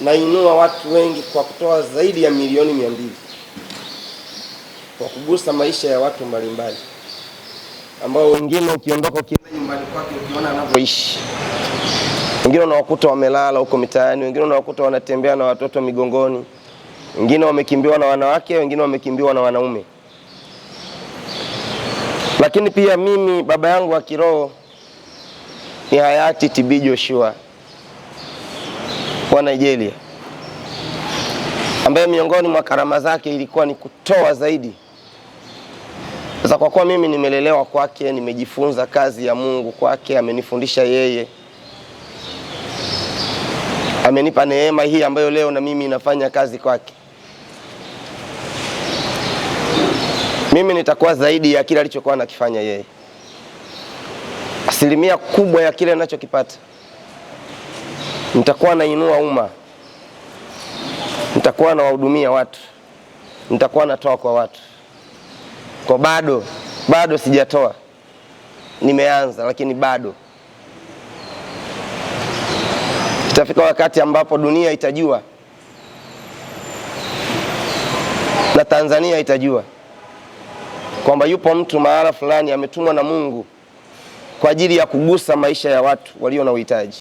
nainua watu wengi kwa kutoa zaidi ya milioni mia mbili kwa kugusa maisha ya watu mbalimbali ambao wengine ukiondoka nyumbani kwake ukiona anavyoishi, wengine unawakuta wamelala huko mitaani, wengine unawakuta wanatembea na watoto migongoni, wengine wamekimbiwa na wanawake, wengine wamekimbiwa na wanaume. Lakini pia mimi baba yangu wa kiroho ni hayati TB Joshua wa Nigeria ambaye miongoni mwa karama zake ilikuwa ni kutoa zaidi. Sasa kwa kuwa mimi nimelelewa kwake, nimejifunza kazi ya Mungu kwake, amenifundisha yeye, amenipa neema hii ambayo leo na mimi inafanya kazi kwake, mimi nitakuwa zaidi ya kile alichokuwa anakifanya yeye. Asilimia kubwa ya kile ninachokipata nitakuwa nainua umma, nitakuwa nawahudumia watu, nitakuwa natoa kwa watu. Kwa bado bado sijatoa, nimeanza lakini bado itafika wakati ambapo dunia itajua na Tanzania itajua kwamba yupo mtu mahala fulani ametumwa na Mungu kwa ajili ya kugusa maisha ya watu walio na uhitaji.